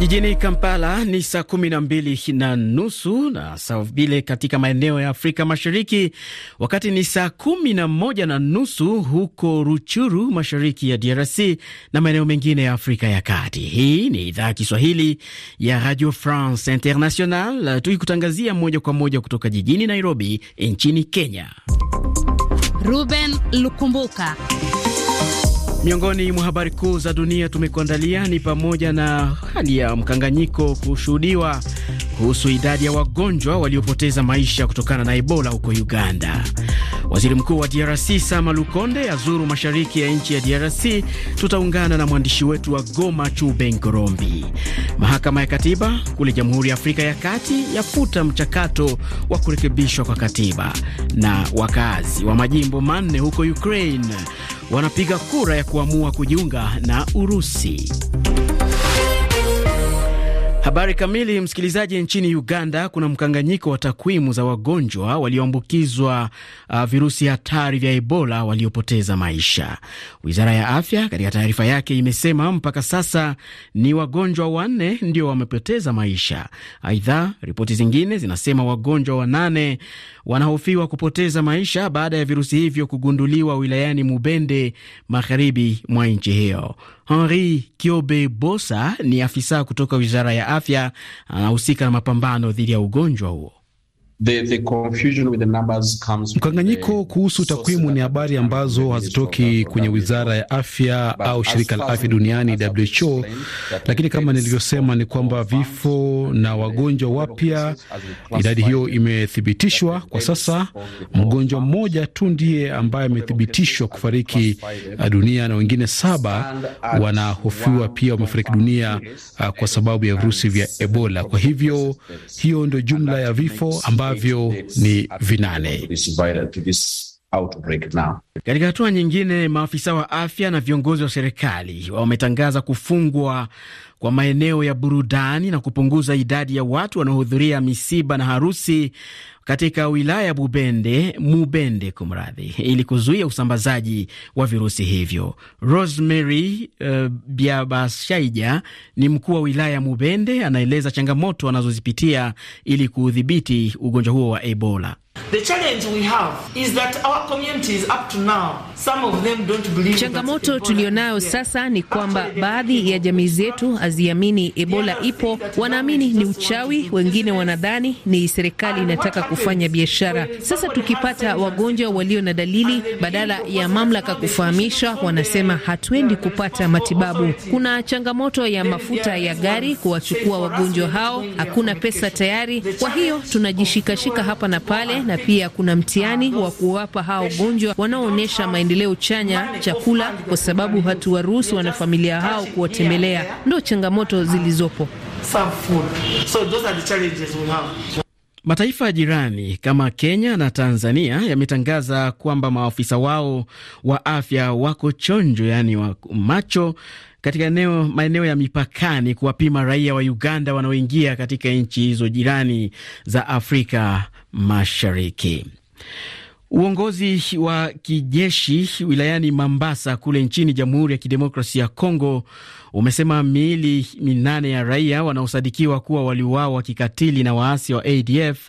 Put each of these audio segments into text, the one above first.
Jijini Kampala ni saa kumi na mbili na nusu na saa vile katika maeneo ya Afrika Mashariki, wakati ni saa kumi na moja na nusu huko Ruchuru, mashariki ya DRC na maeneo mengine ya Afrika ya Kati. Hii ni idhaa ya Kiswahili ya Radio France International, tukikutangazia moja kwa moja kutoka jijini Nairobi nchini Kenya. Ruben Lukumbuka Miongoni mwa habari kuu za dunia tumekuandalia ni pamoja na hali ya mkanganyiko kushuhudiwa kuhusu idadi ya wagonjwa waliopoteza maisha kutokana na Ebola huko Uganda. Waziri Mkuu wa DRC Sama Lukonde azuru mashariki ya nchi ya DRC. Tutaungana na mwandishi wetu wa Goma Chube Ngorombi. Mahakama ya Katiba kule Jamhuri ya Afrika ya Kati yafuta mchakato wa kurekebishwa kwa katiba, na wakazi wa majimbo manne huko Ukraine wanapiga kura ya kuamua kujiunga na Urusi. Habari kamili, msikilizaji. Nchini Uganda kuna mkanganyiko wa takwimu za wagonjwa walioambukizwa uh, virusi hatari vya Ebola waliopoteza maisha. Wizara ya afya katika taarifa yake imesema mpaka sasa ni wagonjwa wanne ndio wamepoteza maisha. Aidha, ripoti zingine zinasema wagonjwa wanane wanahofiwa kupoteza maisha baada ya virusi hivyo kugunduliwa wilayani Mubende, magharibi mwa nchi hiyo. Henri Kiobe Bosa ni afisa kutoka wizara ya afya, anahusika na mapambano dhidi ya ugonjwa huo. The, the confusion with the numbers comes mkanganyiko kuhusu takwimu ni habari ambazo hazitoki kwenye Wizara ya Afya au Shirika la Afya Duniani WHO, lakini kama nilivyosema ni kwamba vifo na wagonjwa wapya, idadi hiyo imethibitishwa kwa sasa. Mgonjwa mmoja tu ndiye ambaye amethibitishwa kufariki dunia na wengine saba wanahofiwa pia wamefariki dunia uh, kwa sababu ya virusi vya uh, Ebola. Kwa hivyo hiyo ndio jumla ya vifo ambayo ambavyo ni vinane. Katika hatua nyingine, maafisa wa afya na viongozi wa serikali wametangaza kufungwa kwa maeneo ya burudani na kupunguza idadi ya watu wanaohudhuria misiba na harusi, katika wilaya Bubende, Mubende kumradhi, ili kuzuia usambazaji wa virusi hivyo. Rosemary uh, eh, Biabashaija ni mkuu wa wilaya Mubende, anaeleza changamoto anazozipitia ili kuudhibiti ugonjwa huo wa Ebola. Changamoto tuliyonayo sasa ni kwamba baadhi ya jamii zetu haziamini Ebola ipo, wanaamini ni uchawi, wengine wanadhani ni serikali inataka kufanya biashara. Sasa tukipata wagonjwa walio na dalili, badala ya mamlaka kufahamisha, wanasema hatuendi kupata matibabu. Kuna changamoto ya mafuta ya gari kuwachukua wagonjwa hao, hakuna pesa tayari. Kwa hiyo tunajishikashika hapa na pale na pia kuna mtihani wa kuwapa hao wagonjwa wanaoonyesha maendeleo chanya chakula, kwa sababu hatuwaruhusu wanafamilia hao kuwatembelea. Ndo changamoto zilizopo. Mataifa ya jirani kama Kenya na Tanzania yametangaza kwamba maafisa wao wa afya wako chonjo, yaani wa macho katika eneo maeneo ya mipakani kuwapima raia wa Uganda wanaoingia katika nchi hizo jirani za Afrika Mashariki. Uongozi wa kijeshi wilayani Mambasa kule nchini Jamhuri ya Kidemokrasia ya Kongo umesema miili minane ya raia wanaosadikiwa kuwa waliuawa kikatili na waasi wa ADF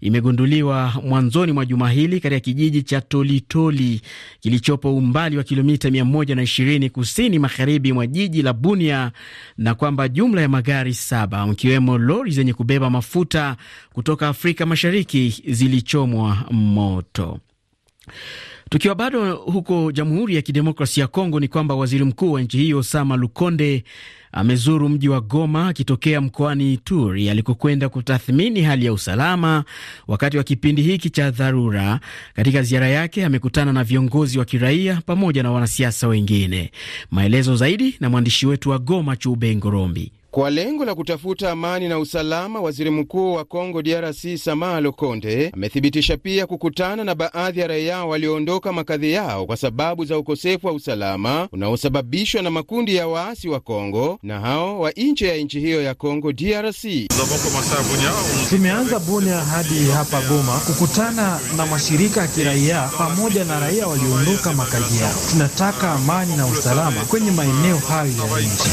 imegunduliwa mwanzoni mwa juma hili katika kijiji cha Tolitoli kilichopo umbali wa kilomita 120 kusini magharibi mwa jiji la Bunia, na kwamba jumla ya magari saba mkiwemo lori zenye kubeba mafuta kutoka Afrika Mashariki zilichomwa moto. Tukiwa bado huko Jamhuri ya kidemokrasi ya Kongo, ni kwamba waziri mkuu wa nchi hiyo Sama Lukonde amezuru mji wa Goma akitokea mkoani Ituri alikokwenda kutathmini hali ya usalama wakati wa kipindi hiki cha dharura. Katika ziara yake amekutana na viongozi wa kiraia pamoja na wanasiasa wengine. Maelezo zaidi na mwandishi wetu wa Goma, Chube Ngorombi. Kwa lengo la kutafuta amani na usalama, waziri mkuu wa congo DRC Sama Lokonde amethibitisha pia kukutana na baadhi ya raia walioondoka makazi yao kwa sababu za ukosefu wa usalama unaosababishwa na makundi ya waasi wa congo na hao wa nje ya nchi hiyo ya congo DRC. Tumeanza Bunia hadi hapa Goma kukutana na mashirika ya kiraia pamoja na raia walioondoka makazi yao. Tunataka amani na usalama kwenye maeneo hayo ya nchi.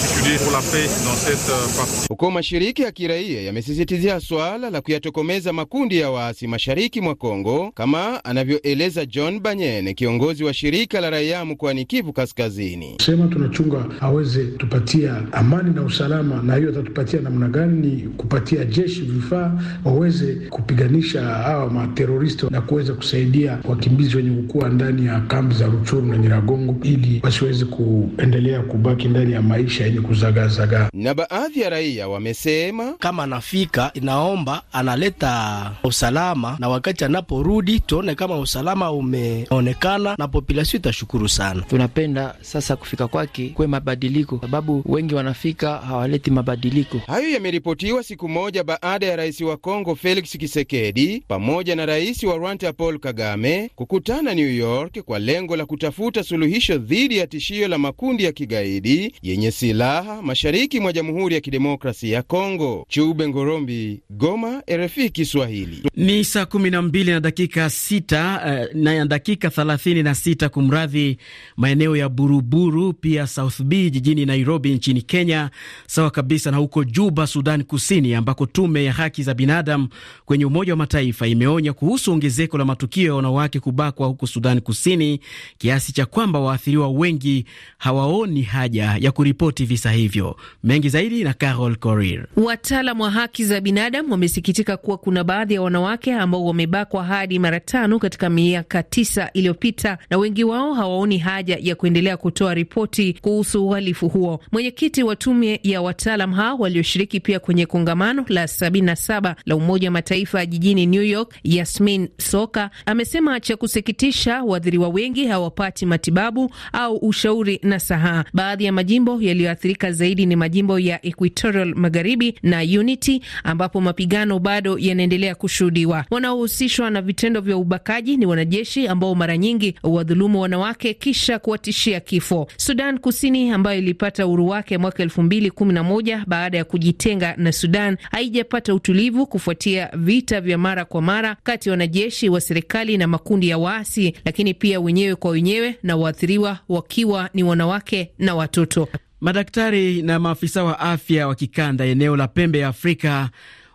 Huko mashirika ya kiraia yamesisitizia swala la kuyatokomeza makundi ya waasi mashariki mwa Kongo, kama anavyoeleza John Banyene, kiongozi wa shirika la raia mkoani Kivu Kaskazini. Sema tunachunga aweze tupatia amani na usalama, na hiyo atatupatia namna gani? Ni kupatia jeshi vifaa waweze kupiganisha hawa materoristi na kuweza kusaidia wakimbizi wenye kukuwa ndani ya kambi za Ruchuru na Nyiragongo ili wasiweze kuendelea kubaki ndani ya maisha yenye kuzagaazagaa baadhi ya raia wamesema kama anafika inaomba analeta usalama, na wakati anaporudi tuone kama usalama umeonekana na populasio itashukuru sana. Tunapenda sasa kufika kwake kwe mabadiliko, sababu wengi wanafika hawaleti mabadiliko. Hayo yameripotiwa siku moja baada ya rais wa Kongo Felix Tshisekedi pamoja na rais wa Rwanda Paul Kagame kukutana New York kwa lengo la kutafuta suluhisho dhidi ya tishio la makundi ya kigaidi yenye silaha mashariki mwa jamhuri Jamhuri ya Kidemokrasi ya Kongo. Chube Ngorombi, Goma, RFI Kiswahili. Ni saa kumi na mbili na dakika sita eh, na dakika thelathini na sita kumradhi, maeneo ya Buruburu pia South B jijini Nairobi nchini Kenya, sawa kabisa na huko Juba, Sudan Kusini, ambako tume ya haki za binadamu kwenye Umoja wa Mataifa imeonya kuhusu ongezeko la matukio ya wanawake kubakwa huko Sudan Kusini, kiasi cha kwamba waathiriwa wengi hawaoni haja ya kuripoti visa hivyo mengi zaidi Meri na Carol Korir. Wataalam wa haki za binadamu wamesikitika kuwa kuna baadhi ya wanawake ambao wamebakwa hadi mara tano katika miaka tisa iliyopita, na wengi wao hawaoni haja ya kuendelea kutoa ripoti kuhusu uhalifu huo. Mwenyekiti wa tume ya wataalam hao walioshiriki pia kwenye kongamano la 77 la Umoja wa Mataifa jijini New York, Yasmin Soka amesema cha kusikitisha, waathiriwa wengi hawapati matibabu au ushauri na saha. Baadhi ya majimbo yaliyoathirika zaidi ni majimbo ya Equatorial Magharibi na Unity ambapo mapigano bado yanaendelea kushuhudiwa. Wanaohusishwa na vitendo vya ubakaji ni wanajeshi ambao mara nyingi wadhulumu wanawake kisha kuwatishia kifo. Sudan Kusini ambayo ilipata uhuru wake mwaka elfu mbili kumi na moja baada ya kujitenga na Sudan haijapata utulivu kufuatia vita vya mara kwa mara kati ya wanajeshi wa serikali na makundi ya waasi, lakini pia wenyewe kwa wenyewe na waathiriwa wakiwa ni wanawake na watoto. Madaktari na maafisa wa afya wa kikanda eneo la pembe ya Afrika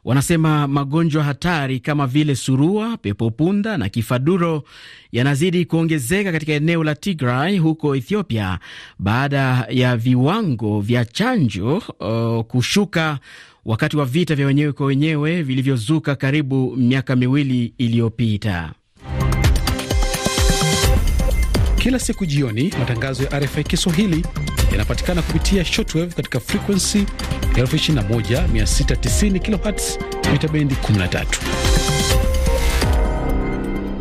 wanasema magonjwa hatari kama vile surua, pepo punda na kifaduro yanazidi kuongezeka katika eneo la Tigray huko Ethiopia baada ya viwango vya chanjo uh, kushuka wakati wa vita vya wenyewe kwa wenyewe vilivyozuka karibu miaka miwili iliyopita. Kila siku jioni, matangazo ya RFI Kiswahili yanapatikana kupitia shortwave katika frequency 21690 kHz mita bendi 13.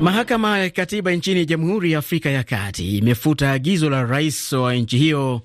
Mahakama ya Katiba nchini Jamhuri ya Afrika ya Kati imefuta agizo la rais wa nchi hiyo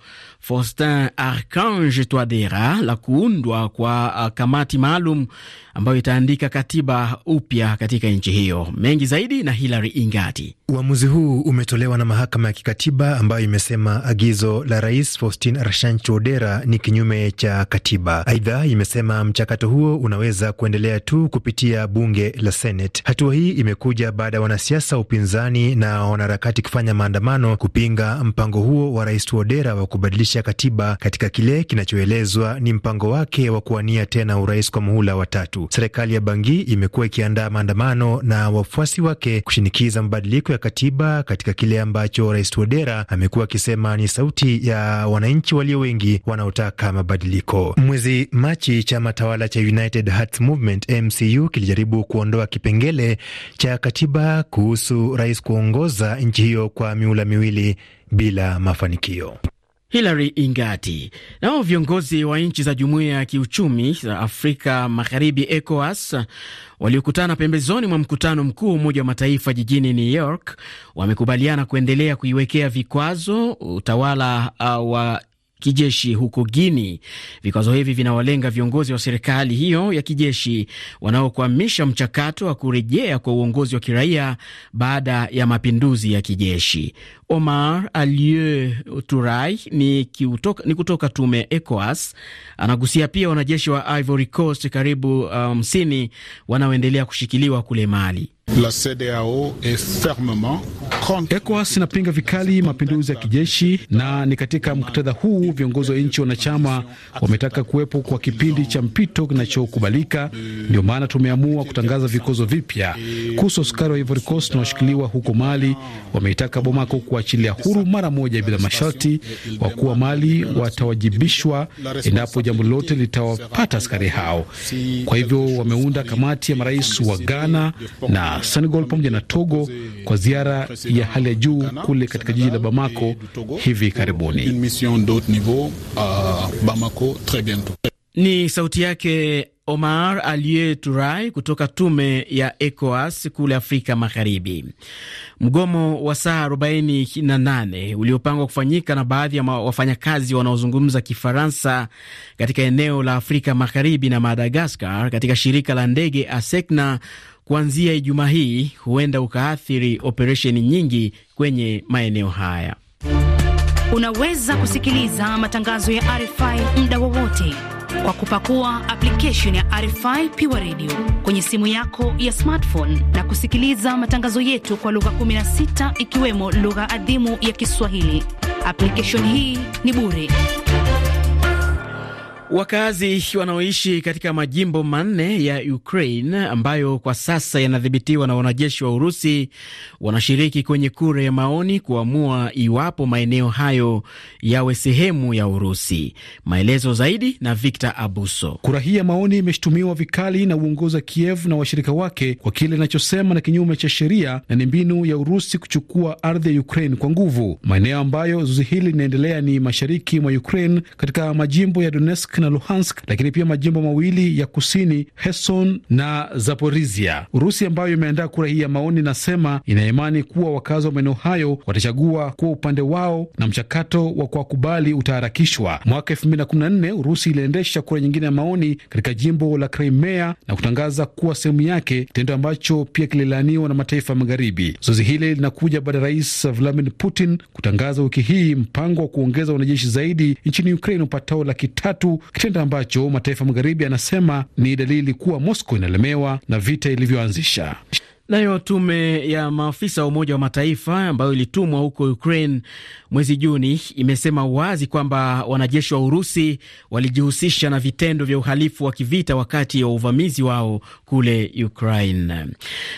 Faustin Archange Twadera la kuundwa kwa uh, kamati maalum ambayo itaandika katiba upya katika nchi hiyo. Mengi zaidi na Hilary Ingati. Uamuzi huu umetolewa na mahakama ya kikatiba ambayo imesema agizo la rais Faustin Archange Twadera ni kinyume cha katiba. Aidha, imesema mchakato huo unaweza kuendelea tu kupitia bunge la Senate. Hatua hii imekuja baada ya wanasiasa upinzani na wanaharakati kufanya maandamano kupinga mpango huo wa rais Twadera wa kubadilisha ya katiba katika kile kinachoelezwa ni mpango wake wa kuwania tena urais kwa muhula wa tatu. Serikali ya Bangi imekuwa ikiandaa maandamano na wafuasi wake kushinikiza mabadiliko ya katiba katika kile ambacho Rais todera amekuwa akisema ni sauti ya wananchi walio wengi wanaotaka mabadiliko. Mwezi Machi, chama tawala cha United Hearts Movement MCU kilijaribu kuondoa kipengele cha katiba kuhusu rais kuongoza nchi hiyo kwa miula miwili bila mafanikio. Hilary Ingati. Nao viongozi wa nchi za jumuiya ya kiuchumi za Afrika Magharibi, ECOWAS, waliokutana pembezoni mwa mkutano mkuu wa Umoja wa Mataifa jijini New York wamekubaliana kuendelea kuiwekea vikwazo utawala uh, wa kijeshi huko Guini. Vikwazo hivi vinawalenga viongozi wa serikali hiyo ya kijeshi wanaokwamisha mchakato wa kurejea kwa uongozi wa kiraia baada ya mapinduzi ya kijeshi. Omar Alieu Turai ni, kiutoka, ni kutoka tume ECOAS anagusia pia wanajeshi wa Ivory Coast karibu hamsini um, wanaoendelea kushikiliwa kule Mali. La CDAO est fermement ECOWAS inapinga vikali mapinduzi ya kijeshi na ni katika muktadha huu viongozi wa nchi wanachama wametaka kuwepo kwa kipindi cha mpito kinachokubalika. Ndio maana tumeamua kutangaza vikwazo vipya kuhusu askari wa Ivory Coast na washikiliwa huko Mali. Wameitaka Bamako kuachilia huru mara moja bila masharti. Wakuu wa Mali watawajibishwa endapo jambo lolote litawapata askari hao. Kwa hivyo wameunda kamati ya marais wa Ghana na Senegal pamoja na Togo kwa ziara ya hali ya juu kule katika jiji la Bamako hivi karibuni. Ni sauti yake Omar Alie Turai kutoka tume ya ECOWAS kule Afrika Magharibi. Mgomo wa saa 48 uliopangwa kufanyika na baadhi ya wafanyakazi wanaozungumza Kifaransa katika eneo la Afrika Magharibi na Madagaskar katika shirika la ndege ASECNA kuanzia Ijumaa hii huenda ukaathiri operesheni nyingi kwenye maeneo haya. Unaweza kusikiliza matangazo ya RFI muda wowote kwa kupakua application ya RFI Pure Radio kwenye simu yako ya smartphone na kusikiliza matangazo yetu kwa lugha 16 ikiwemo lugha adhimu ya Kiswahili. Application hii ni bure. Wakazi wanaoishi katika majimbo manne ya Ukraine ambayo kwa sasa yanadhibitiwa na wanajeshi wa Urusi wanashiriki kwenye kura ya maoni kuamua iwapo maeneo hayo yawe sehemu ya Urusi. Maelezo zaidi na Victor Abuso. Kura hii ya maoni imeshutumiwa vikali na uongozi wa Kiev na washirika wake kwa kile inachosema na kinyume cha sheria na ni mbinu ya Urusi kuchukua ardhi ya Ukraine kwa nguvu. Maeneo ambayo zoezi hili linaendelea ni mashariki mwa Ukraine katika majimbo ya Donetsk na Luhansk, lakini pia majimbo mawili ya kusini Kherson na Zaporizhia. Urusi ambayo imeandaa kura hii ya maoni inasema inaimani kuwa wakazi wa maeneo hayo watachagua kuwa upande wao na mchakato wa kuwakubali utaharakishwa. Mwaka nne Urusi iliendesha kura nyingine ya maoni katika jimbo la Crimea na kutangaza kuwa sehemu yake, kitendo ambacho pia kililaaniwa na mataifa ya Magharibi. Zoezi hili linakuja baada ya Rais Vladimir Putin kutangaza wiki hii mpango wa kuongeza wanajeshi zaidi nchini Ukraine upatao laki tatu kitendo ambacho mataifa magharibi yanasema ni dalili kuwa Moscow inalemewa na vita ilivyoanzisha. Nayo tume ya maafisa wa Umoja wa Mataifa ambayo ilitumwa huko Ukraine mwezi Juni imesema wazi kwamba wanajeshi wa Urusi walijihusisha na vitendo vya uhalifu wa kivita wakati wa uvamizi wao kule Ukraine.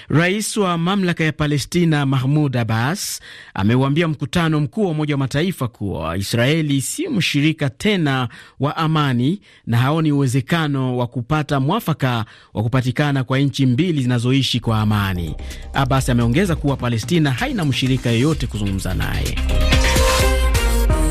Rais wa mamlaka ya Palestina Mahmud Abbas ameuambia mkutano mkuu wa Umoja wa Mataifa kuwa Israeli si mshirika tena wa amani na haoni uwezekano wa kupata mwafaka wa kupatikana kwa nchi mbili zinazoishi kwa amani. Marekani. Abbas ameongeza kuwa Palestina haina mshirika yeyote kuzungumza naye.